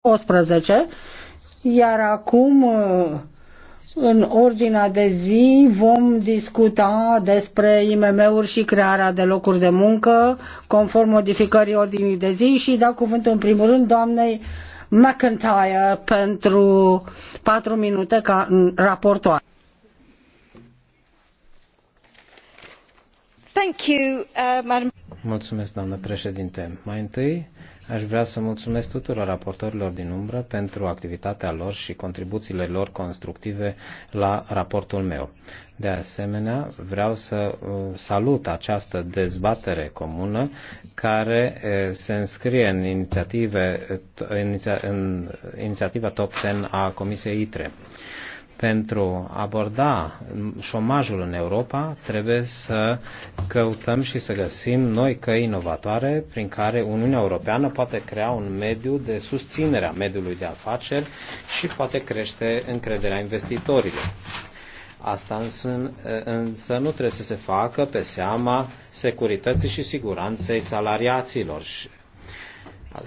11, iar acum uh, în ordinea de zi vom discuta despre IMM-uri și crearea de locuri de muncă conform modificării ordinii de zi și dau cuvântul în primul rând doamnei McIntyre pentru 4 minute ca raportoare. Thank you, uh, Mulțumesc, doamnă președinte. Mai întâi Aș vrea să mulțumesc tuturor raportorilor din umbră pentru activitatea lor și contribuțiile lor constructive la raportul meu. De asemenea, vreau să uh, salut această dezbatere comună care uh, se înscrie în, inițiative, uh, în inițiativa Top 10 a Comisiei ITRE pentru a aborda șomajul în Europa, trebuie să căutăm și să găsim noi căi inovatoare prin care Uniunea Europeană poate crea un mediu de susținere a mediului de afaceri și poate crește încrederea investitorilor. Asta însă, însă nu trebuie să se facă pe seama securității și siguranței salariaților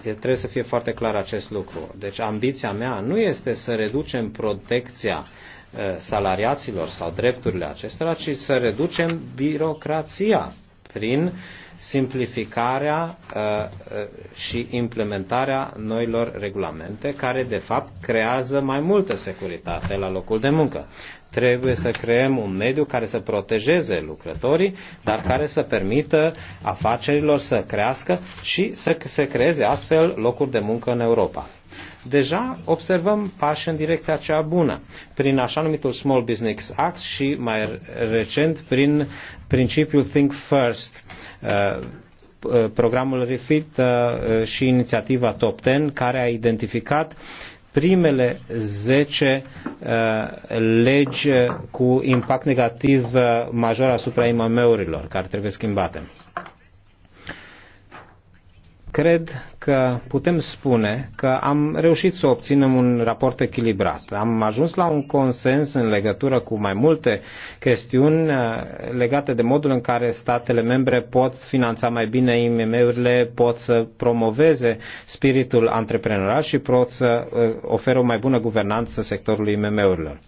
Trebuie să fie foarte clar acest lucru. Deci ambiția mea nu este să reducem protecția uh, salariaților sau drepturile acestora, ci să reducem birocrația prin simplificarea uh, uh, și implementarea noilor regulamente care, de fapt, creează mai multă securitate la locul de muncă. Trebuie să creăm un mediu care să protejeze lucrătorii, dar care să permită afacerilor să crească și să se creeze astfel locuri de muncă în Europa. Deja observăm pași în direcția cea bună, prin așa numitul Small Business Act și mai recent prin principiul Think First, uh, uh, programul Refit uh, și inițiativa Top Ten, care a identificat primele 10 uh, eh, legi cu impact negativ eh, major asupra IMM-urilor care trebuie schimbate. Cred că putem spune că am reușit să obținem un raport echilibrat. Am ajuns la un consens în legătură cu mai multe chestiuni uh, legate de modul în care statele membre pot finanța mai bine IMM-urile, pot să promoveze spiritul antreprenorial și pot să uh, oferă o mai bună guvernanță sectorului IMM-urilor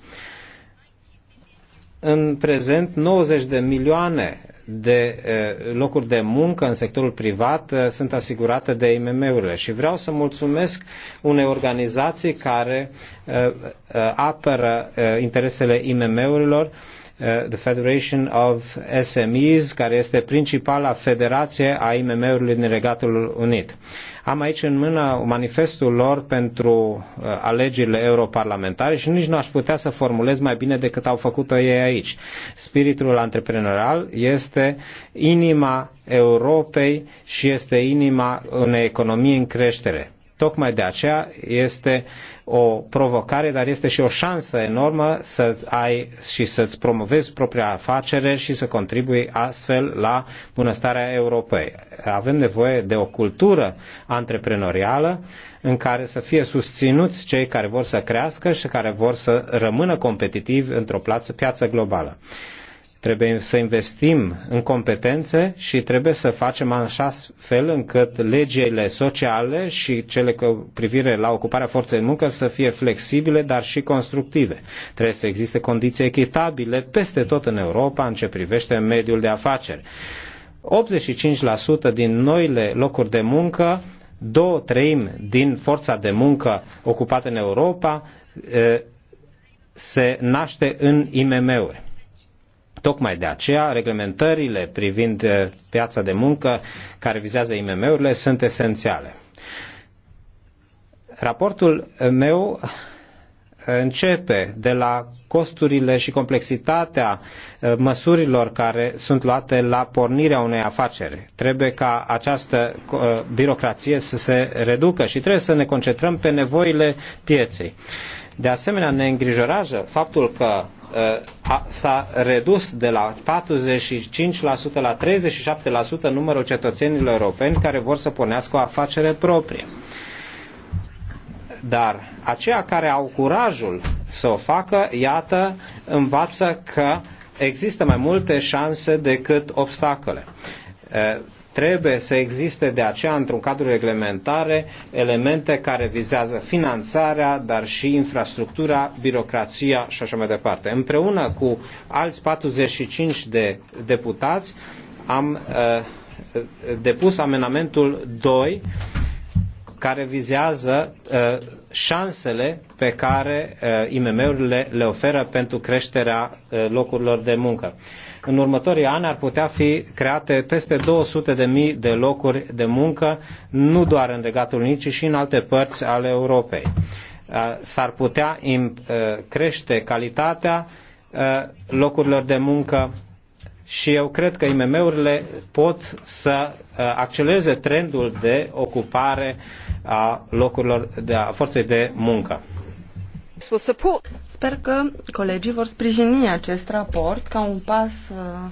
în prezent 90 de milioane de eh, locuri de muncă în sectorul privat eh, sunt asigurate de IMM-urile și vreau să mulțumesc unei organizații care eh, apără interesele IMM-urilor the Federation of SMEs, care este principala federație a IMM-urilor din Regatul Unit. Am aici în mână manifestul lor pentru uh, alegerile europarlamentare și nici nu aș putea să formulez mai bine decât au făcut-o ei aici. Spiritul antreprenorial este inima Europei și este inima unei economii în creștere. Tocmai de aceea este o provocare, dar este și o șansă enormă să ai și să-ți promovezi propria afacere și să contribui astfel la bunăstarea Europei. Avem nevoie de o cultură antreprenorială în care să fie susținuți cei care vor să crească și care vor să rămână competitivi într-o piață globală. Trebuie să investim în competențe și trebuie să facem așa fel încât legile sociale și cele cu privire la ocuparea forței de muncă să fie flexibile, dar și constructive. Trebuie să existe condiții echitabile peste tot în Europa în ce privește mediul de afaceri. 85% din noile locuri de muncă, două treimi din forța de muncă ocupată în Europa eh, se naște în IMM-uri. Tocmai de aceea, reglementările privind eh, piața de muncă care vizează IMM-urile sunt esențiale. Raportul meu eh, începe de la costurile și complexitatea eh, măsurilor care sunt luate la pornirea unei afaceri. Trebuie ca această birocrație să se reducă și trebuie să ne concentrăm pe nevoile pieței. De asemenea, ne îngrijorează faptul că Uh, s-a redus de la 45% la 37% numărul cetățenilor europeni care vor să pornească o afacere proprie. Dar aceia care au curajul să o facă, iată, învață că există mai multe șanse decât obstacole uh, Trebuie să existe de aceea într-un cadru reglementare elemente care vizează finanțarea, dar și infrastructura, birocrația și așa mai departe. Împreună cu alți 45 de deputați am uh, depus amenamentul 2 care vizează uh, șansele pe care uh, IMM-urile le oferă pentru creșterea uh, locurilor de muncă. Uh, în următorii ani ar putea fi create peste 200.000 de locuri de muncă, nu doar în Regatul Unit, ci și în alte părți ale Europei. Uh, s-ar putea uh, crește calitatea uh, locurilor de muncă și eu cred că IMM-urile pot să accelereze trendul de ocupare a locurilor de a forței de muncă. Sper că colegii vor sprijini acest raport ca un pas uh,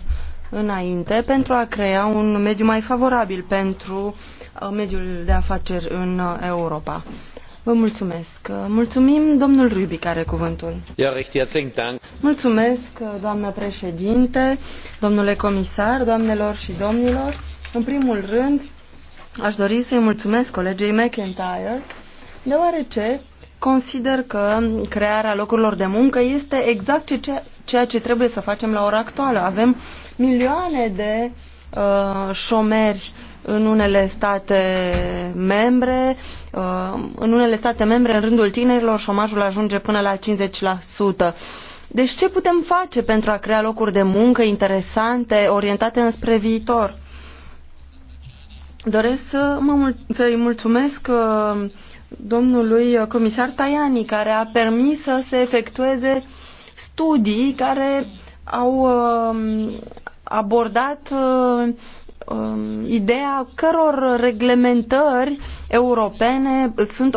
înainte pentru a crea un mediu mai favorabil pentru uh, mediul de afaceri în uh, Europa. Vă mulțumesc. Mulțumim, domnul Rubi, care cuvântul. Mulțumesc, doamnă președinte, domnule comisar, doamnelor și domnilor. În primul rând, aș dori să-i mulțumesc colegei McIntyre, deoarece Consider că crearea locurilor de muncă este exact ce, ceea ce trebuie să facem la ora actuală. Avem milioane de uh, șomeri în unele state membre. Uh, în unele state membre, în rândul tinerilor, șomajul ajunge până la 50%. Deci ce putem face pentru a crea locuri de muncă interesante, orientate înspre viitor? Doresc să mă mul- să mulțumesc uh, domnului uh, comisar Tajani, care a permis să se efectueze studii care au um, abordat uh, um, ideea căror reglementări europene sunt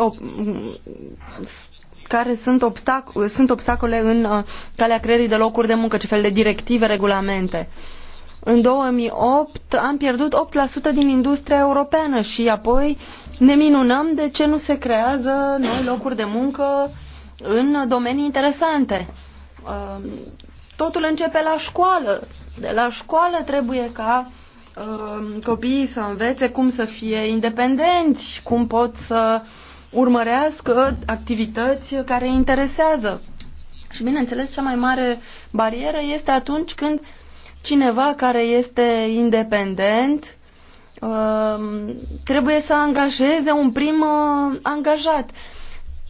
care sunt, obstac- sunt obstacole în uh, calea creierii de locuri de muncă, ce fel de directive, regulamente. În 2008 am pierdut 8% din industria europeană și apoi uh, ne minunăm de ce nu se creează noi locuri de muncă în domenii interesante. Um, totul începe la școală. De la școală trebuie ca um, copiii să învețe cum să fie independenți, cum pot să urmărească activități care îi interesează. Și bineînțeles, cea mai mare barieră este atunci când cineva care este independent Ehm, trebuie să angajeze un prim uh, angajat.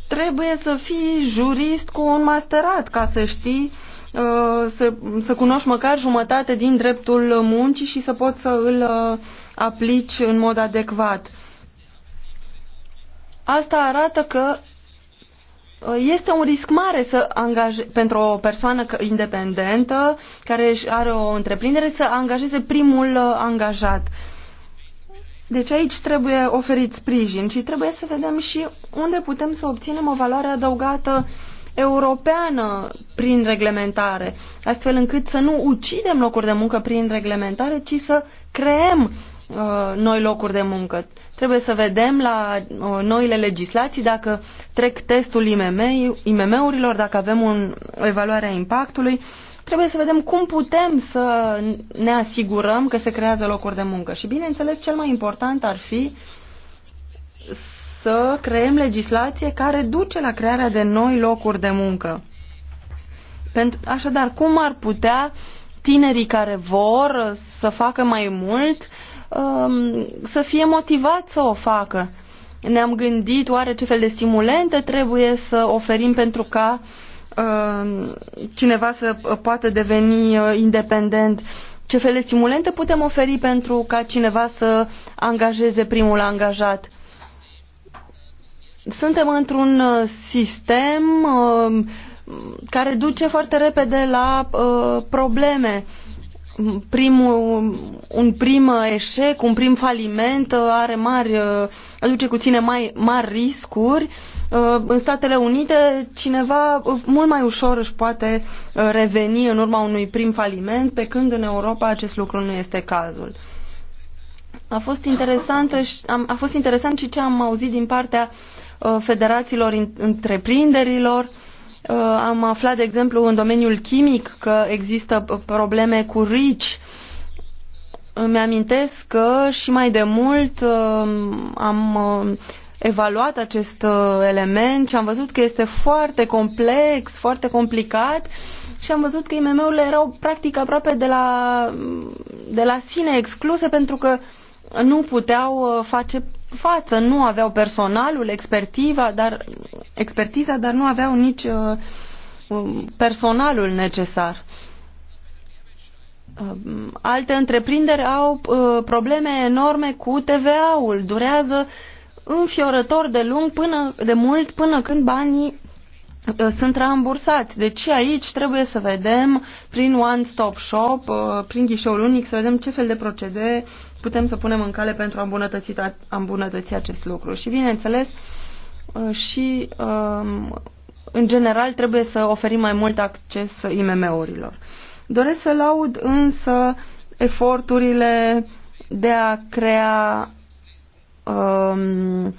Trebuie să fii jurist cu un masterat ca să știi, uh, să, să cunoști măcar jumătate din dreptul muncii și să poți să îl uh, aplici în mod adecvat. Asta arată că este un risc mare să angaje, pentru o persoană independentă care are o întreprindere să angajeze primul angajat. Uh, deci aici trebuie oferit sprijin și trebuie să vedem și unde putem să obținem o valoare adăugată europeană prin reglementare, astfel încât să nu ucidem locuri de muncă prin reglementare, ci să creăm uh, noi locuri de muncă. Trebuie să vedem la uh, noile legislații dacă trec testul IMM-urilor, dacă avem o evaluare a impactului trebuie să vedem cum putem să ne asigurăm că se creează locuri de muncă. Și bineînțeles, cel mai important ar fi să creăm legislație care duce la crearea de noi locuri de muncă. Pentru, așadar, cum ar putea tinerii care vor să facă mai mult um, să fie motivați să o facă? Ne-am gândit oare ce fel de stimulente trebuie să oferim pentru ca uh, Uh, cineva să uh, poată deveni uh, independent, ce fel de stimulente putem oferi pentru ca cineva să angajeze primul angajat? Suntem într-un sistem care duce foarte repede la probleme. Primul, un prim eșec, un prim faliment are mari, aduce cu ține mai mari riscuri Uh, în Statele Unite cineva uh, mult mai ușor își poate uh, reveni în urma unui prim faliment, pe când în Europa acest lucru nu este cazul. A fost interesant, a fost interesant și ce am auzit din partea federațiilor întreprinderilor. Am aflat, de exemplu, în domeniul chimic că există probleme cu RICI, îmi amintesc că și mai de mult am evaluat acest uh, element și am văzut că este foarte complex, foarte complicat și am văzut că IMM-urile erau practic aproape de la, de la sine excluse pentru că nu puteau uh, face față, nu aveau personalul, expertiva, dar, expertiza, dar nu aveau nici uh, um, personalul necesar. Um, alte întreprinderi au probleme enorme cu TVA-ul, durează înfiorător de lung până de mult până când banii uh, sunt rambursați. Deci aici trebuie să vedem prin One Stop Shop, uh, prin ghișeul unic, să vedem ce fel de procede putem să punem în cale pentru a îmbunătăți, a îmbunătăți acest lucru. Și bineînțeles, uh, și um, în general trebuie să oferim mai mult acces IMM-urilor. Doresc să laud însă eforturile de a crea Um,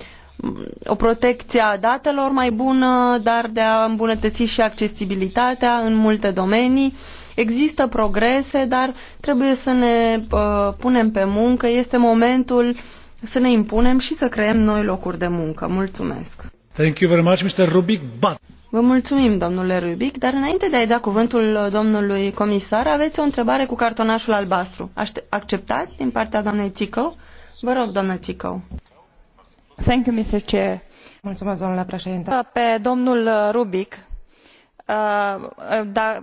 o protecție a datelor mai bună, dar de a îmbunătăți și accesibilitatea în multe domenii. Există progrese, dar trebuie să ne uh, punem pe muncă. Este momentul să ne impunem și să creăm noi locuri de muncă. Mulțumesc! Thank you very much, Mr. Rubic. But... Vă mulțumim, domnule Rubic, dar înainte de a-i da cuvântul domnului comisar, aveți o întrebare cu cartonașul albastru. Aște- acceptați din partea doamnei Tico? Vă rog, doamnă Țicău. Thank you, Mr. Chair. Mulțumesc, domnule președinte. Pe domnul Rubic, uh, uh da,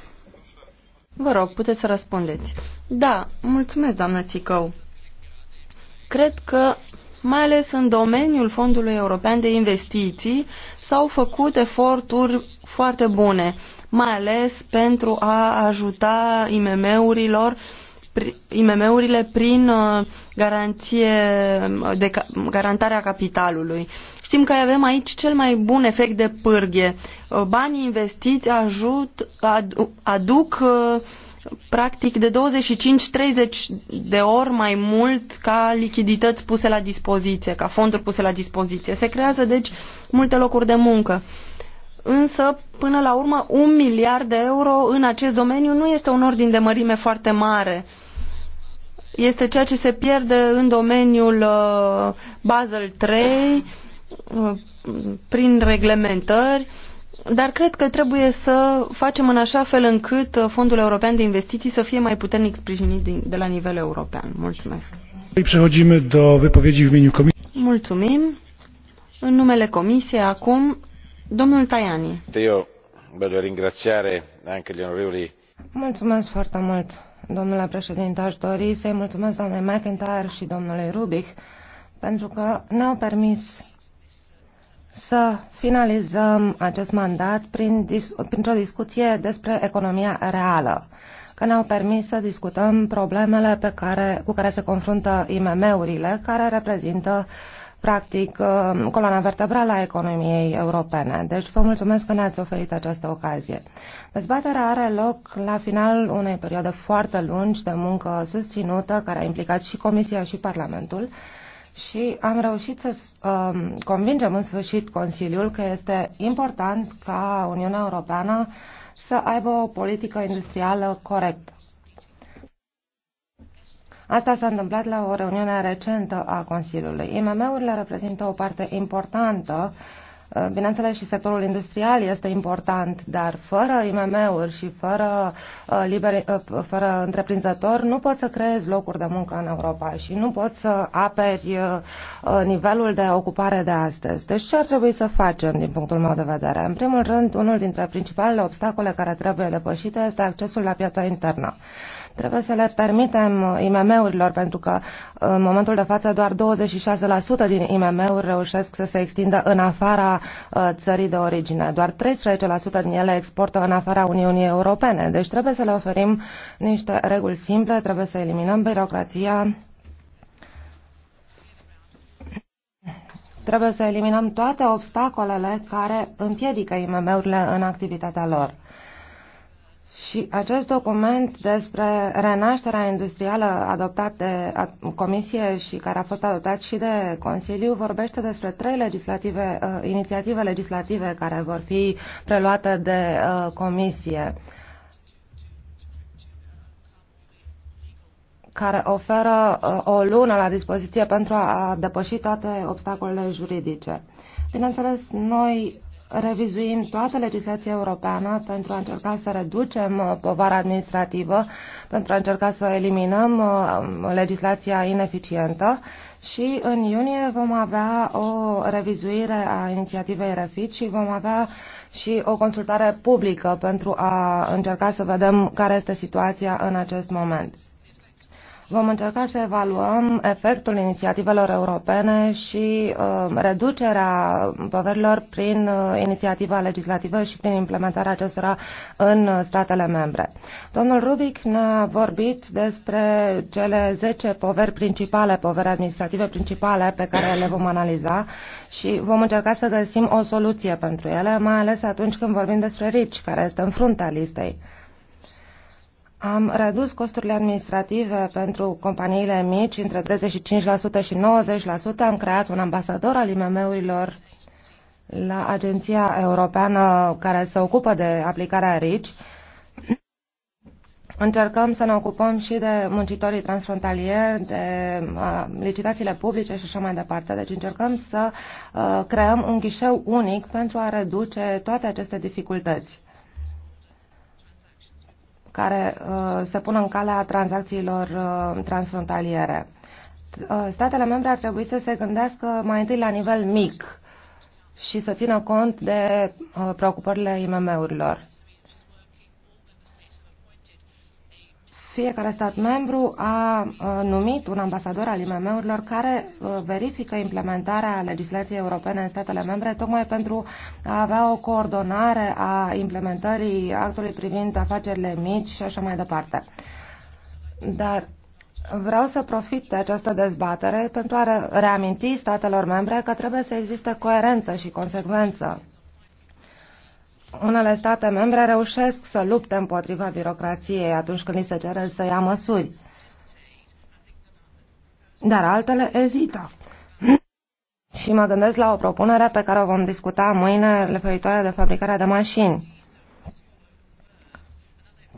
Vă rog, puteți să răspundeți. Da, mulțumesc, doamnă Țicău. Cred că, mai ales în domeniul Fondului European de Investiții, s-au făcut eforturi foarte bune, mai ales pentru a ajuta IMM-urilor IMM-urile prin uh, garanție de garantarea capitalului. Știm că avem aici cel mai bun efect de pârghie. Uh, banii investiți ajut, aduc uh, practic de 25-30 de ori mai mult ca lichidități puse la dispoziție, ca fonduri puse la dispoziție. Se creează deci multe locuri de muncă. Însă, până la urmă, un miliard de euro în acest domeniu nu este un ordin de mărime foarte mare. Este ceea ce se pierde în domeniul uh, Basel 3, prin reglementări, dar cred că trebuie să facem în așa fel încât uh, Fondul European de Investiții să fie mai puternic sprijinit de la nivel european. Mulțumesc. Mulțumim. În numele comisiei acum domnul Tajani. Eu voglio ringraziare anche gli onorevoli. Mulțumesc foarte mult, domnule președinte. Aș dori să-i mulțumesc doamnei McIntyre și domnului Rubic pentru că ne-au permis să finalizăm acest mandat prin, printr-o discuție despre economia reală, că ne-au permis să discutăm problemele pe care, cu care se confruntă IMM-urile, care reprezintă practic uh, coloana vertebrală a economiei europene. Deci vă mulțumesc că ne-ați oferit această ocazie. Dezbaterea are loc la final unei perioade foarte lungi de muncă susținută, care a implicat și Comisia și Parlamentul, și am reușit să um, convingem în sfârșit Consiliul că este important ca Uniunea Europeană să aibă o politică industrială corectă. Asta s-a întâmplat la o reuniune recentă a Consiliului. IMM-urile reprezintă o parte importantă uh, Uh, bineînțeles, și sectorul industrial este important, dar fără IMM-uri și fără, uh, liberi, uh, fără întreprinzători nu poți să creezi locuri de muncă în Europa și nu poți să aperi nivelul de ocupare de astăzi. Deci ce ar trebui să facem din punctul meu de vedere? În primul rând, unul dintre principalele obstacole care trebuie depășite este accesul la piața internă. Trebuie să le permitem IMM-urilor, pentru că în momentul de față doar 26% din IMM-uri reușesc să se extindă în afara uh, țării de origine. Doar 13% din ele exportă în afara Uniunii Europene. Deci trebuie să le oferim niște reguli simple, trebuie să eliminăm birocrația, Trebuie să eliminăm toate obstacolele care împiedică IMM-urile în activitatea lor. Și acest document despre renașterea industrială adoptat de Comisie și care a fost adoptat și de Consiliu vorbește despre trei legislative, uh, inițiative legislative care vor fi preluate de uh, Comisie. care oferă uh, o lună la dispoziție pentru a depăși toate obstacolele juridice. Bineînțeles, noi revizuim toată legislația europeană pentru a încerca să reducem uh, povara administrativă, pentru a încerca să eliminăm uh, legislația ineficientă și în iunie vom avea o revizuire a inițiativei REFIT și vom avea și o consultare publică pentru a încerca să vedem care este situația în acest moment. Vom încerca să evaluăm efectul inițiativelor europene și uh, reducerea poverilor prin uh, inițiativa legislativă și prin implementarea acestora în uh, statele membre. Domnul Rubic ne-a vorbit despre cele 10 poveri principale, poveri administrative principale pe care le vom analiza și vom încerca să găsim o soluție pentru ele, mai ales atunci când vorbim despre RICI, care este în fruntea listei. Am redus costurile administrative pentru companiile mici între 35% și 90%. Am creat un ambasador al IMM-urilor la Agenția Europeană care se ocupă de aplicarea RICI. Încercăm să ne ocupăm și de muncitorii transfrontalieri, de uh, licitațiile publice și așa mai departe. Deci încercăm să uh, creăm un ghișeu unic pentru a reduce toate aceste dificultăți care uh, se pun în calea tranzacțiilor uh, transfrontaliere. Uh, statele membre ar trebui să se gândească mai întâi la nivel mic și să țină cont de preocupările IMM-urilor. fiecare stat membru a numit un ambasador al IMM-urilor care uh, verifică implementarea legislației europene în statele membre, tocmai pentru a avea o coordonare a implementării actului privind afacerile mici și așa mai departe. Dar Vreau să profit de această dezbatere pentru a reaminti statelor membre că trebuie să existe coerență și consecvență unele state membre reușesc să lupte împotriva birocrației atunci când li se cere să ia măsuri. Dar altele ezită. Și mă gândesc la o propunere pe care o vom discuta mâine referitoare de fabricarea de mașini.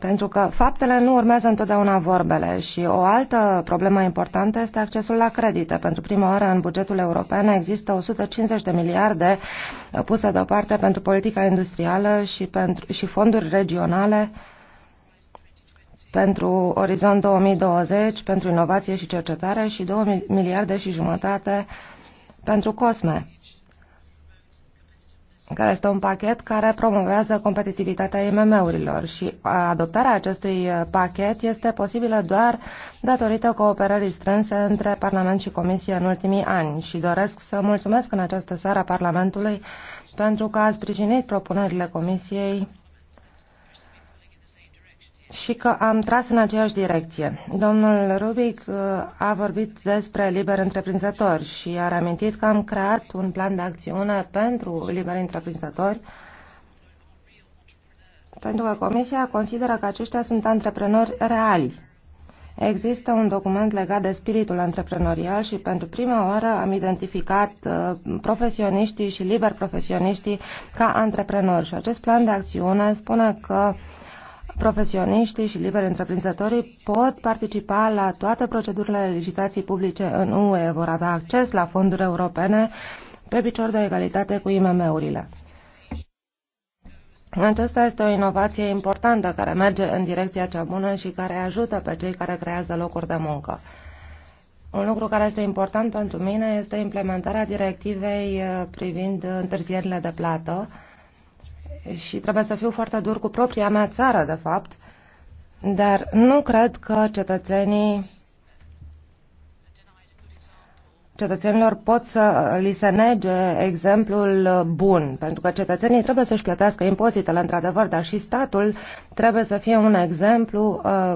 Pentru că faptele nu urmează întotdeauna vorbele și o altă problemă importantă este accesul la credite. Pentru prima oară în bugetul european există 150 de miliarde puse deoparte pentru politica industrială și, pentru, și fonduri regionale pentru Orizont 2020, pentru inovație și cercetare și 2 miliarde și jumătate pentru COSME care este un pachet care promovează competitivitatea IMM-urilor și adoptarea acestui uh, pachet este posibilă doar datorită cooperării strânse între Parlament și Comisie în ultimii ani și doresc să mulțumesc în această seară Parlamentului pentru că a sprijinit propunerile Comisiei și că am tras în aceeași direcție. Domnul Rubic uh, a vorbit despre liber întreprinzător și a amintit că am creat un plan de acțiune pentru liber întreprinzători pentru că Comisia consideră că aceștia sunt antreprenori reali. Există un document legat de spiritul antreprenorial și pentru prima oară am identificat uh, profesioniștii și liber profesioniștii ca antreprenori. Și acest plan de acțiune spune că uh, profesioniștii și liberi întreprinzătorii pot participa la toate procedurile licitații publice în UE, vor avea acces la fonduri europene pe picior de egalitate cu IMM-urile. Aceasta este o inovație importantă care merge în direcția cea bună și care ajută pe cei care creează locuri de muncă. Un lucru care este important pentru mine este implementarea directivei uh, privind uh, întârzierile de plată, și trebuie să fiu foarte dur cu propria mea țară, de fapt, dar nu cred că cetățenii cetățenilor pot să li se nege exemplul bun, pentru că cetățenii trebuie să-și plătească impozitele, într-adevăr, dar și statul trebuie să fie un exemplu uh,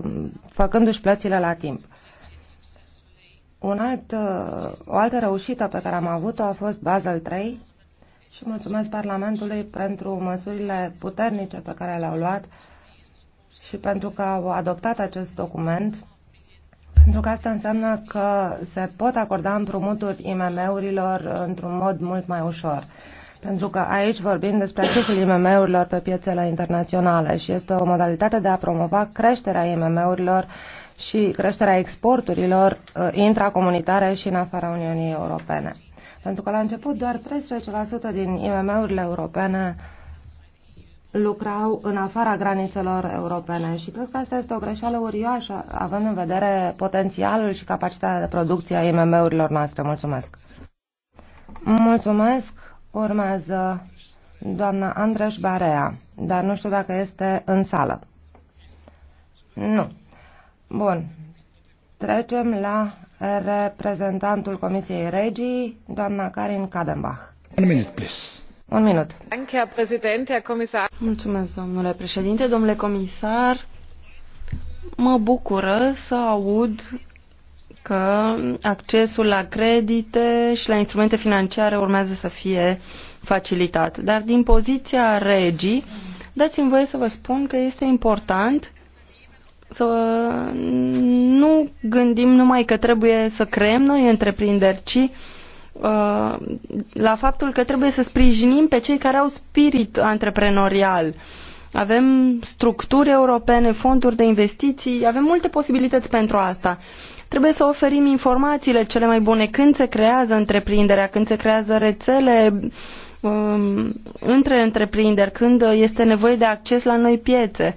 făcându-și plățile la timp. Un alt, uh, o altă reușită pe care am avut-o a fost Basel 3, și mulțumesc Parlamentului pentru măsurile puternice pe care le-au luat și pentru că au adoptat acest document, pentru că asta înseamnă că se pot acorda împrumuturi IMM-urilor într-un mod mult mai ușor. Pentru că aici vorbim despre accesul IMM-urilor pe piețele internaționale și este o modalitate de a promova creșterea IMM-urilor și creșterea exporturilor uh, intracomunitare și în afara Uniunii Europene. Pentru că la început doar 13% din IMM-urile europene lucrau în afara granițelor europene și cred că asta este o greșeală urioasă, având în vedere potențialul și capacitatea de producție a IMM-urilor noastre. Mulțumesc! Mulțumesc! Urmează doamna Andreș Barea, dar nu știu dacă este în sală. Nu. Bun. Trecem la reprezentantul Comisiei Regii, doamna Karin Kadenbach. Un minut, please. Un minut. Mulțumesc, domnule președinte, domnule comisar. Mă bucură să aud că accesul la credite și la instrumente financiare urmează să fie facilitat. Dar din poziția regii, dați-mi voie să vă spun că este important să nu gândim numai că trebuie să creăm noi întreprinderi, ci uh, la faptul că trebuie să sprijinim pe cei care au spirit antreprenorial. Avem structuri europene, fonduri de investiții, avem multe posibilități pentru asta. Trebuie să oferim informațiile cele mai bune când se creează întreprinderea, când se creează rețele um, între întreprinderi, când este nevoie de acces la noi piețe.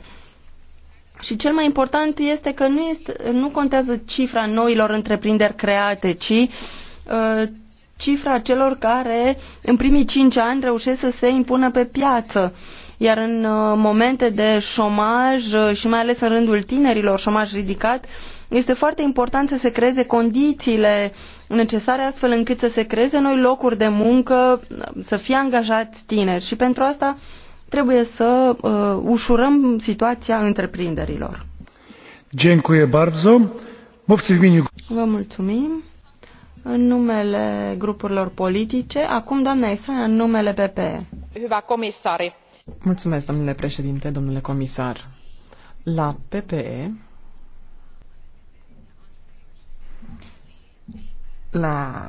Și cel mai important este că nu, este, nu contează cifra noilor întreprinderi create, ci uh, cifra celor care în primii cinci ani reușesc să se impună pe piață. Iar în uh, momente de șomaj uh, și mai ales în rândul tinerilor șomaj ridicat, este foarte important să se creeze condițiile necesare astfel încât să se creeze noi locuri de muncă, să fie angajați tineri. Și pentru asta trebuie să uh, ușurăm situația întreprinderilor. Dziękuję bardzo. Mówcy w imieniu... Vă mulțumim. În numele grupurilor politice, acum doamna Isaia în numele PPE. Hyvä komissari. Mulțumesc, domnule președinte, domnule comisar. La PPE, la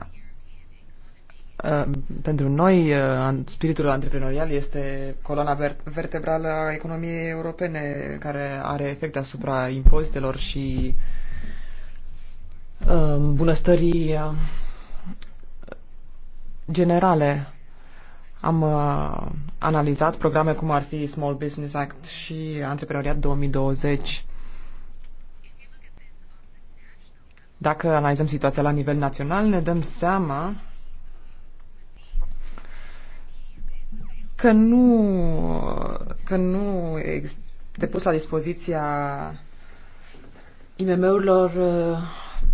Uh, pentru noi, uh, spiritul antreprenorial este coloana vertebrală a economiei europene, care are efecte asupra impozitelor și uh, bunăstării generale. Am analizat programe cum ar fi Small Business Act și Antreprenoriat 2020. Dacă analizăm situația la nivel național, ne dăm seama că nu, că nu este depus la dispoziția IMM-urilor uh,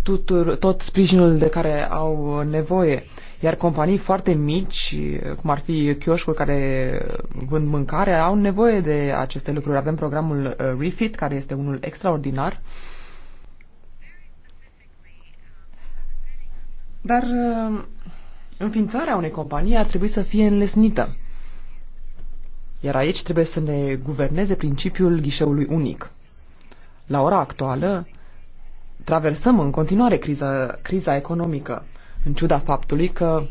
tutur, tot sprijinul de care au nevoie. Iar companii foarte mici, cum ar fi chioșcuri care vând mâncare, au nevoie de aceste lucruri. Avem programul uh, Refit, care este unul extraordinar. Dar uh, înființarea unei companii ar trebui să fie înlesnită. Iar aici trebuie să ne guverneze principiul ghișeului unic. La ora actuală, traversăm în continuare criza, criza economică, în ciuda faptului că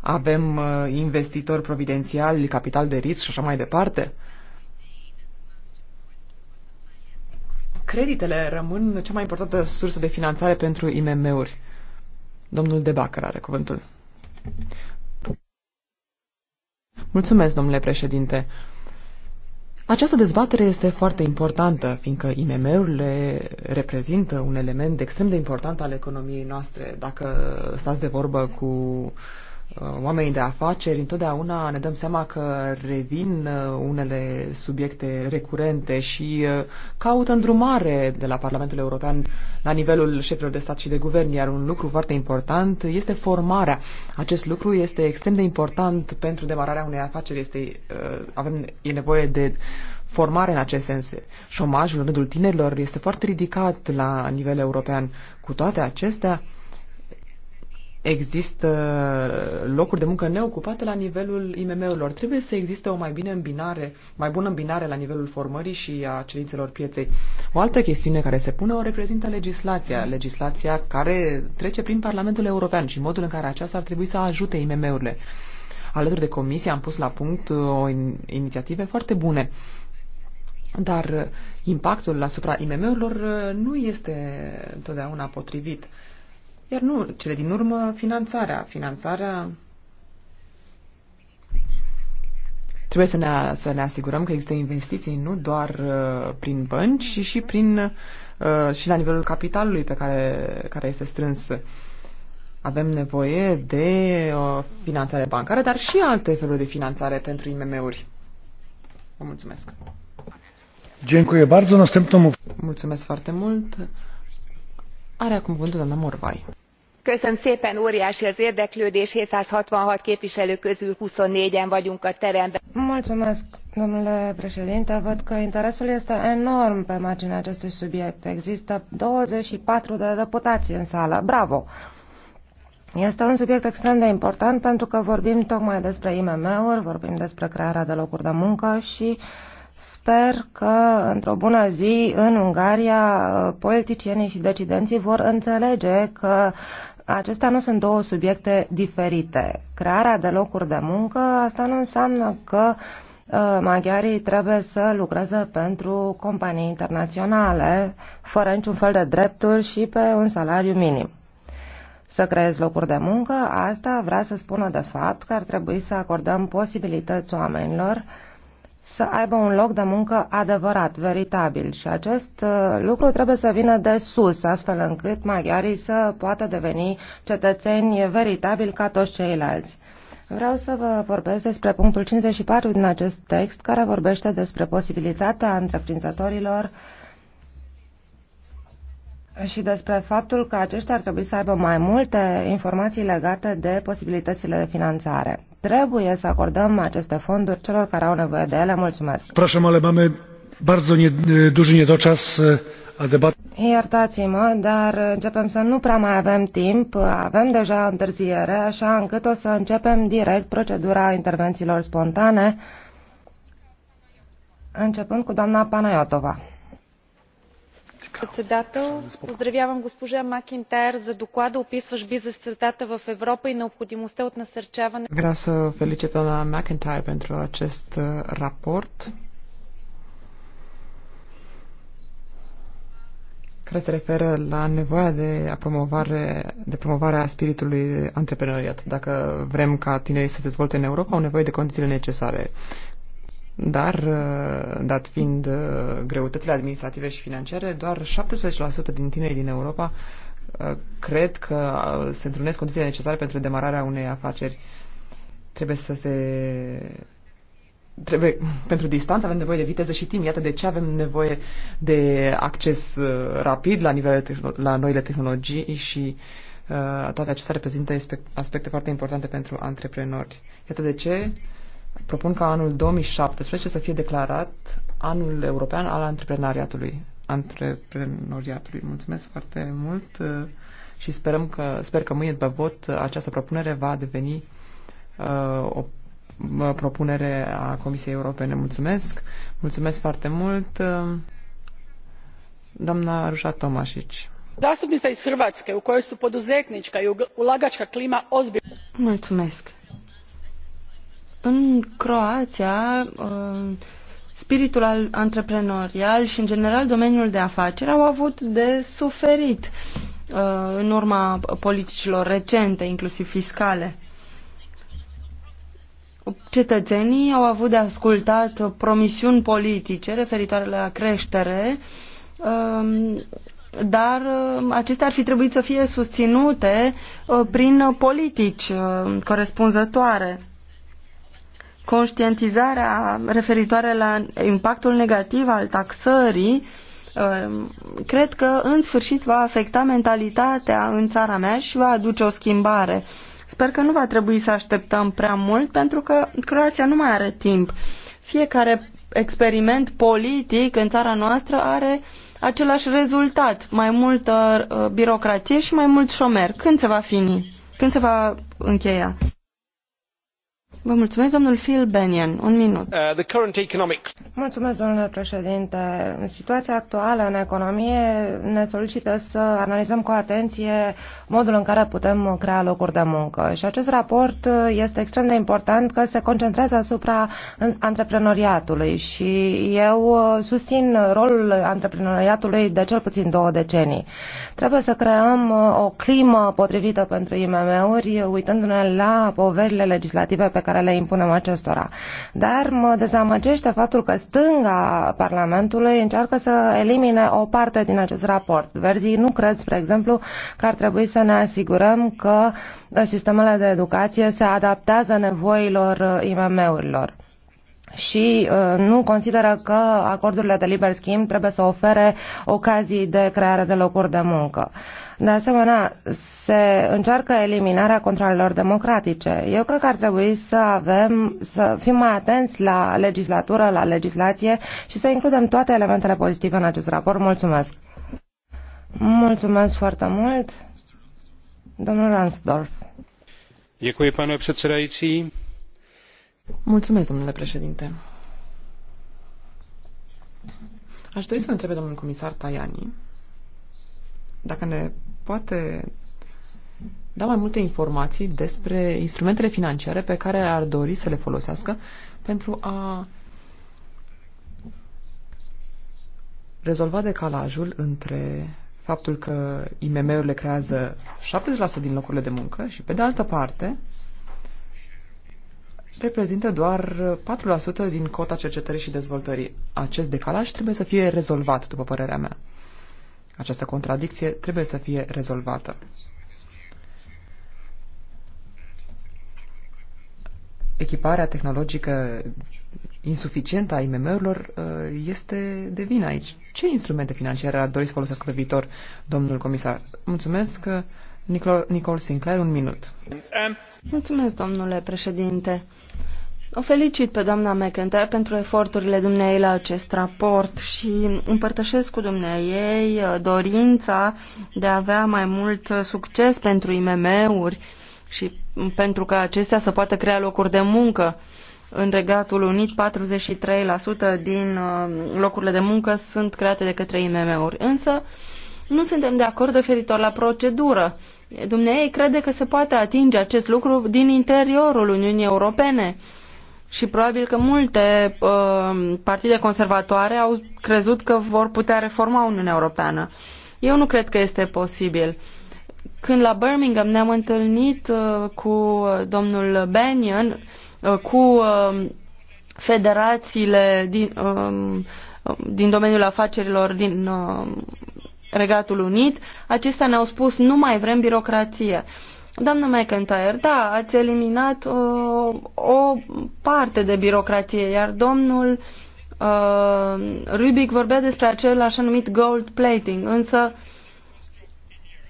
avem uh, investitori providențiali, capital de risc și așa mai departe. Creditele rămân cea mai importantă sursă de finanțare pentru IMM-uri. Domnul Debacăr are cuvântul. Mulțumesc, domnule președinte. Această dezbatere este foarte importantă, fiindcă IMM-urile reprezintă un element extrem de important al economiei noastre. Dacă stați de vorbă cu uh, Uh, oamenii de afaceri, întotdeauna ne dăm seama că revin uh, unele subiecte recurente și uh, caută îndrumare de la Parlamentul European la nivelul șefilor de stat și de guvern, iar un lucru foarte important este formarea. Acest lucru este extrem de important pentru demararea unei afaceri. Este, avem, e nevoie de formare în acest sens. Șomajul în rândul tinerilor este foarte ridicat la nivel european. Cu toate acestea, există locuri de muncă neocupate la nivelul IMM-urilor. Trebuie să existe o mai bine îmbinare, mai bună îmbinare la nivelul formării și a cerințelor pieței. O altă chestiune care se pune o reprezintă legislația, legislația care trece prin Parlamentul European și modul în care aceasta ar trebui să ajute IMM-urile. Alături de comisie am pus la punct uh, o inițiative foarte bune dar uh, impactul asupra IMM-urilor uh, nu este întotdeauna potrivit. Iar nu, cele din urmă, finanțarea. Finanțarea trebuie să ne, să ne asigurăm că există investiții nu doar uh, prin bănci, ci și prin uh, și la nivelul capitalului pe care, care este strâns. Avem nevoie de uh, finanțare bancară, dar și alte feluri de finanțare pentru IMM-uri. Vă mulțumesc. Dziękuję bardzo. Następną Mulțumesc foarte mult. Are acum cuvântul doamna Morvai óriási az érdeklődés hétszázhatvanhat képviselő közül huszonnégyen vagyunk a teremben. domnule președinte văd că interesul este enorm pe marginea acestui subiect. există douăzeci și patru de deputați în sală. bravo! Este un subiect extrem de important pentru că vorbim tocmai despre IMM-uri, vorbim despre crearea de locuri de muncă și sper că într-o bună zi în Ungaria politicienii și decidenții vor înțelege că Acestea nu sunt două subiecte diferite. Crearea de locuri de muncă, asta nu înseamnă că uh, maghiarii trebuie să lucreze pentru companii internaționale, fără niciun fel de drepturi și pe un salariu minim. Să creezi locuri de muncă, asta vrea să spună de fapt că ar trebui să acordăm posibilități oamenilor uh, să aibă un loc de muncă adevărat, veritabil și acest uh, lucru trebuie să vină de sus, astfel încât maghiarii să poată deveni cetățeni veritabili ca toți ceilalți. Vreau să vă vorbesc despre punctul 54 din acest text, care vorbește despre posibilitatea întreprinzătorilor și despre faptul că aceștia ar trebui să aibă mai multe informații legate de posibilitățile de finanțare. Trebuie să acordăm aceste fonduri celor care au nevoie de ele. Mulțumesc. Proszę, ale mamy bardzo nie, duży niedoczas a debat. Iertați-mă, dar începem să nu prea mai avem timp. Avem deja întârziere, așa încât o să începem direct procedura intervențiilor spontane, începând cu doamna Panayotova председател поздравявам госпожа макинтайр за доклада описващ бизнес средата в европа и необходимостта от насърчаване. vreau să o felicit pe doamna mcintyre pentru acest uh, raport care se referă la nevoia de a promovare, de promovare a spiritului antreprenoriat. Dacă vrem ca tinerii să se dezvolte în Europa, au nevoie de condițiile necesare. Dar, uh, dat fiind uh, greutățile administrative și financiare, doar 17% din tinerii din Europa uh, cred că se întrunesc condițiile necesare pentru demararea unei afaceri. Trebuie să se trebuie, pentru distanță avem nevoie de viteză și timp. Iată de ce avem nevoie de acces rapid la, nivel, la noile tehnologii și uh, toate acestea reprezintă aspecte foarte importante pentru antreprenori. Iată de ce propun ca anul 2017 să fie declarat anul european al antreprenariatului. Antreprenoriatului. Mulțumesc foarte mult uh, și sperăm că, sper că mâine după vot uh, această propunere va deveni uh, o uh, propunere a Comisiei Europene. Mulțumesc. Mulțumesc foarte mult. Doamna Rușa Tomașici. Zastupnica iz Hrvatske u kojoj su poduzetnička i ulagačka klima ozbiljna. Mulțumesc în Croația, uh, spiritul al antreprenorial și, în general, domeniul de afaceri au avut de suferit uh, în urma politicilor recente, inclusiv fiscale. Cetățenii au avut de ascultat promisiuni politice referitoare la creștere, um, dar uh, acestea ar fi trebuit să fie susținute prin politici corespunzătoare. Conștientizarea referitoare la impactul negativ al taxării um, cred că în sfârșit va afecta mentalitatea în țara mea și va aduce o schimbare. Sper că nu va trebui să așteptăm prea mult pentru că Croația nu mai are timp. Fiecare experiment politic în țara noastră are același rezultat, mai multă uh, birocrație și mai mult șomer. Când se va fini? Când se va încheia? Vă mulțumesc, domnul Phil Bennion. Un minut. Uh, the economic... Mulțumesc, domnule președinte. Situația actuală în economie ne solicită să analizăm cu atenție modul în care putem crea locuri de muncă. Și acest raport uh, este extrem de important că se concentrează asupra antreprenoriatului și eu uh, susțin rolul antreprenoriatului de cel puțin două decenii. Trebuie să creăm uh, o climă potrivită pentru IMM-uri, uitându-ne la poverile legislative pe care care le impunem acestora. Dar mă dezamăgește faptul că stânga Parlamentului încearcă să elimine o parte din acest raport. Verzii nu cred, spre exemplu, că ar trebui să ne asigurăm că sistemele de educație se adaptează nevoilor uh, IMM-urilor și uh, nu consideră că acordurile de liber schimb trebuie să ofere ocazii de creare de locuri de muncă. Uh, de asemenea, se încearcă eliminarea controlelor democratice. Eu cred că ar trebui să avem, să fim mai atenți la legislatură, la legislație și să includem toate elementele pozitive în acest raport. Mulțumesc! Mulțumesc foarte mult, domnul Ransdorf. Děkuji, pane předsedající. Mulțumesc, domnule președinte. Aș dori să întrebe domnul comisar Tajani dacă ne poate da mai multe informații despre instrumentele financiare pe care ar dori să le folosească pentru a rezolva decalajul între faptul că IMM-urile creează 70% din locurile de muncă și, pe de altă parte, reprezintă doar 4% din cota cercetării și dezvoltării. Acest decalaj trebuie să fie rezolvat, după părerea mea. Această contradicție trebuie să fie rezolvată. Echiparea tehnologică insuficientă a IMM-urilor uh, este de vină aici. Ce instrumente financiare ar dori să folosească pe viitor, domnul comisar? Mulțumesc, uh, Nicol, Nicol Sinclair, un minut. Mulțumesc, domnule președinte. O felicit pe doamna McIntyre pentru eforturile dumneei la acest raport și împărtășesc cu dumneei uh, dorința de a avea mai mult uh, succes pentru IMM-uri și mm, pentru ca acestea să poată crea locuri de muncă. În Regatul Unit, 43% din uh, locurile de muncă sunt create de către IMM-uri. Însă, nu suntem de acord referitor la procedură. Dumnezeu crede că se poate atinge acest lucru din interiorul Uniunii Europene și probabil că multe uh, partide conservatoare au crezut că vor putea reforma Uniunea Europeană. Eu nu cred că este posibil. Când la Birmingham ne-am întâlnit uh, cu domnul Bennion, uh, cu uh, federațiile din, uh, din domeniul afacerilor din uh, Regatul Unit, acestea ne-au spus nu mai vrem birocrație. Uh, Doamna McIntyre, da, ați eliminat uh, o parte de birocratie, iar domnul uh, Rubic vorbea despre acel așa numit gold plating, însă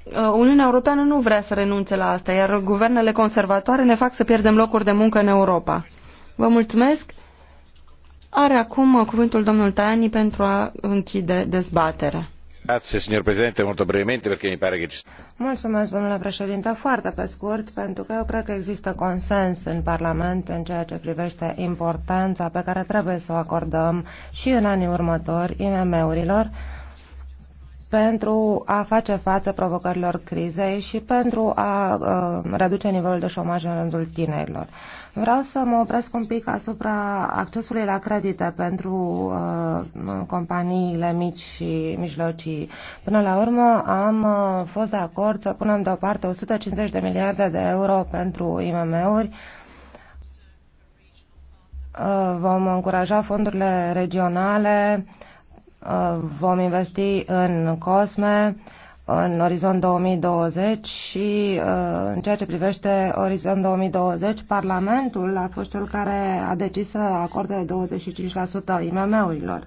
uh, Uniunea Europeană nu vrea să renunțe la asta, iar guvernele conservatoare ne fac să pierdem locuri de muncă în Europa. Vă mulțumesc. Are acum uh, cuvântul domnul Tajani pentru a închide dezbaterea. Mulțumesc, domnule președinte. Foarte pe scurt, pentru că eu cred că există consens în Parlament în ceea ce privește importanța pe care trebuie să o acordăm și în anii următori IMM-urilor, pentru a face față provocărilor crizei și pentru a reduce nivelul de șomaj în rândul tinerilor. Vreau să mă opresc un pic asupra accesului la credite pentru uh, companiile mici și mijlocii. Până la urmă am uh, fost de acord să punem deoparte 150 de miliarde de euro pentru IMM-uri uh, vom încuraja fondurile regionale Uh, vom investi în COSME, în Orizont 2020 și uh, în ceea ce privește Orizont 2020, Parlamentul a fost cel care a decis să acorde 25% IMM-urilor.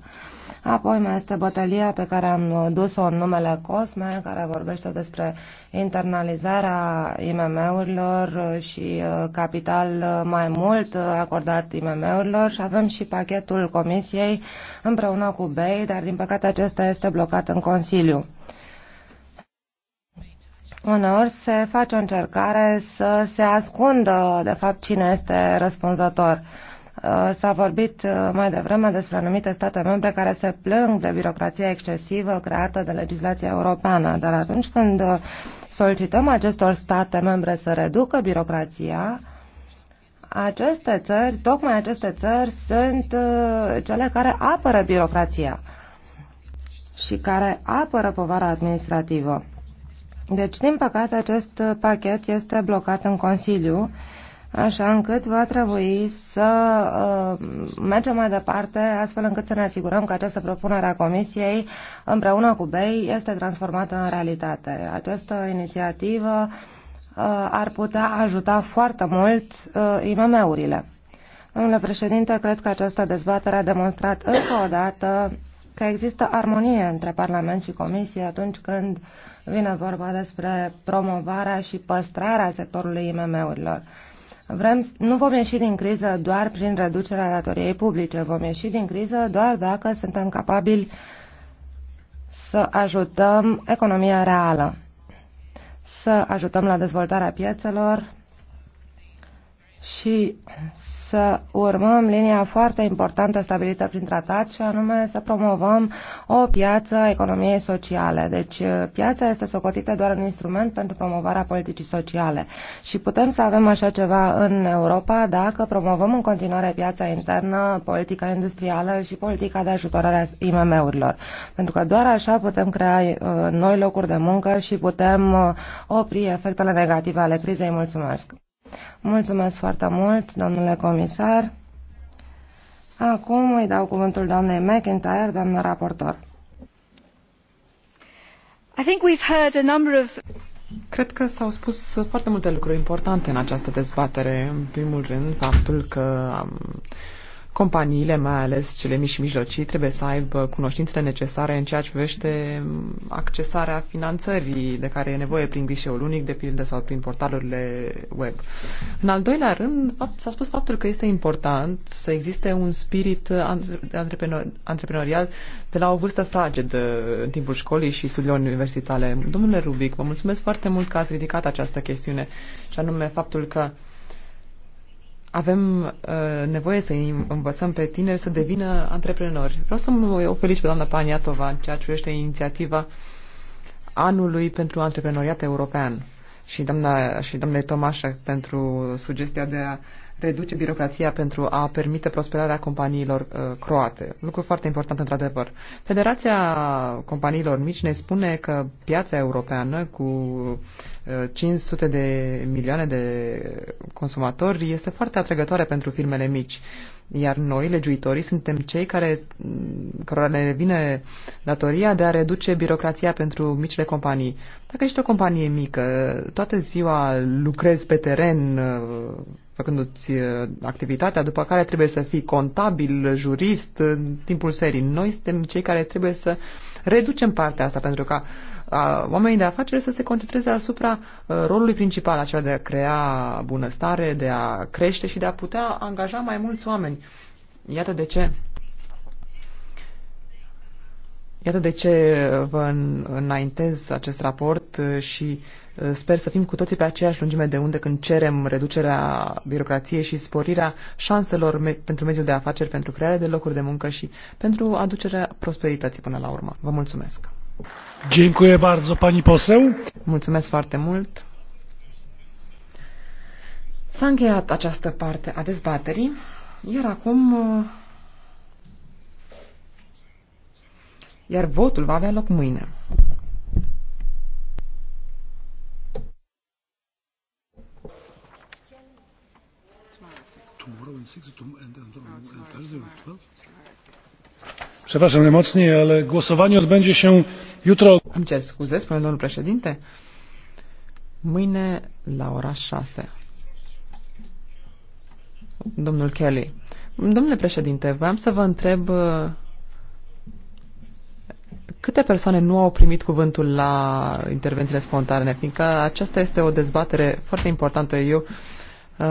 Apoi mai este bătălia pe care am dus-o în numele COSME, care vorbește despre internalizarea IMM-urilor și uh, capital uh, mai mult uh, acordat IMM-urilor și avem și pachetul Comisiei împreună cu BEI, dar din păcate acesta este blocat în Consiliu. Uneori se face o încercare să se ascundă, de fapt, cine este răspunzător. Uh, s-a vorbit uh, mai devreme despre anumite state membre care se plâng de birocrația excesivă creată de legislația europeană, dar atunci când uh, solicităm acestor state membre să reducă birocrația, aceste țări, tocmai aceste țări, sunt cele care apără birocrația și care apără povara administrativă. Deci, din păcate, acest pachet este blocat în Consiliu așa încât va trebui să uh, mergem mai departe, astfel încât să ne asigurăm că această propunere a Comisiei, împreună cu BEI, este transformată în realitate. Această inițiativă uh, ar putea ajuta foarte mult uh, IMM-urile. Domnule președinte, cred că această dezbatere a demonstrat încă o dată că există armonie între Parlament și Comisie atunci când vine vorba despre promovarea și păstrarea sectorului IMM-urilor. Vrem, nu vom ieși din criză doar prin reducerea datoriei publice, vom ieși din criză doar dacă suntem capabili să ajutăm economia reală, să ajutăm la dezvoltarea piețelor și să urmăm linia foarte importantă stabilită prin tratat și anume să promovăm o piață a economiei sociale. Deci uh, piața este socotită doar un instrument pentru promovarea politicii sociale și putem să avem așa ceva în Europa dacă promovăm în continuare piața internă, politica industrială și politica de ajutorare a IMM-urilor. Pentru că doar așa putem crea uh, noi locuri de muncă și putem uh, opri efectele negative ale crizei. Mulțumesc! Mulțumesc foarte mult, domnule comisar. Acum îi dau cuvântul doamnei McIntyre, doamnă raportor. I think we've heard a number of... Cred că s-au spus foarte multe lucruri importante în această dezbatere. În primul rând, faptul că am companiile, mai ales cele mici și mijlocii, trebuie să aibă cunoștințele necesare în ceea ce privește accesarea finanțării de care e nevoie prin ghișeul unic, de pildă, sau prin portalurile web. În al doilea rând, s-a spus faptul că este important să existe un spirit antreprenor, antreprenorial de la o vârstă fragedă în timpul școlii și studiilor universitare. Domnule Rubic, vă mulțumesc foarte mult că ați ridicat această chestiune, și anume faptul că avem uh, nevoie să învățăm pe tineri să devină antreprenori. Vreau să mă o felicit pe doamna Paniatova în ceea ce privește inițiativa anului pentru antreprenoriat european și doamna și doamnei Tomașa pentru sugestia de a reduce birocrația pentru a permite prosperarea companiilor uh, croate. Lucru foarte important, într-adevăr. Federația Companiilor Mici ne spune că piața europeană cu uh, 500 de milioane de consumatori este foarte atrăgătoare pentru firmele mici. Iar noi, legiuitorii, suntem cei care, mm, care ne vine datoria de a reduce birocrația pentru micile companii. Dacă ești o companie mică, toată ziua lucrezi pe teren, uh, făcându-ți uh, activitatea, după care trebuie să fii contabil, jurist în timpul serii. Noi suntem cei care trebuie să reducem partea asta pentru ca uh, oamenii de afaceri să se concentreze asupra uh, rolului principal, acela de a crea bunăstare, de a crește și de a putea angaja mai mulți oameni. Iată de ce Iată de ce vă înaintez acest raport și uh, Eh, sper să fim cu toții pe aceeași lungime de unde când cerem reducerea birocrației și sporirea șanselor me- pentru mediul de afaceri, pentru crearea de locuri de muncă și pentru aducerea prosperității până la urmă. Vă mulțumesc! Dziękuję bardzo, pani poseł. Mulțumesc foarte mult. S-a încheiat această parte a dezbaterii, iar acum eh, iar votul va avea loc mâine. Przepraszam najmocniej, ale głosowanie odbędzie się jutro. Am cer scuze, spune domnul președinte. Mâine la ora 6. Domnul Kelly. Domnule președinte, voiam să vă întreb uh, câte persoane nu au primit cuvântul la intervențiile spontane, fiindcă aceasta este o dezbatere foarte importantă. Eu uh, Uh,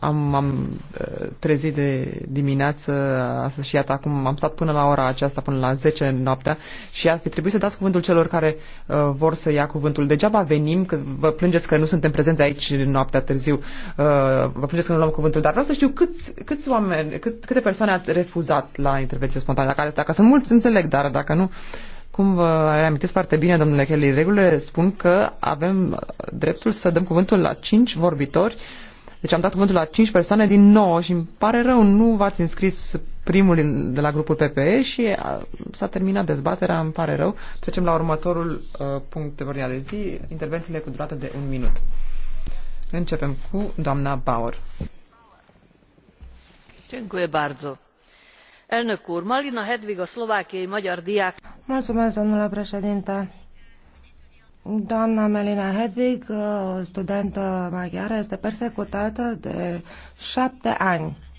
am, am uh, trezit de dimineață astăzi și iată acum am stat până la ora aceasta, până la 10 noaptea și ar fi trebuit să dați cuvântul celor care uh, vor să ia cuvântul. Degeaba venim, că vă plângeți că nu suntem prezenți aici noaptea târziu, uh, vă plângeți că nu luăm cuvântul, dar vreau să știu câți, câți oameni, cât, câte persoane ați refuzat la intervenție spontană. Dacă, dacă sunt mulți, înțeleg, dar dacă nu, uh, cum vă reamintesc foarte bine, domnule Kelly, regulile spun că avem dreptul să dăm cuvântul la cinci vorbitori. Deci am dat cuvântul la cinci persoane din nouă și îmi pare rău, nu v-ați înscris primul de la grupul PPE și s-a terminat dezbaterea, îmi pare rău. Trecem la următorul uh, punct de ordine de zi, intervențiile cu durată de un minut. Începem cu doamna Bauer. Dziękuję bardzo domnule președinte. Doamna Melina Hedvig, studentă maghiară, este persecutată de șapte ani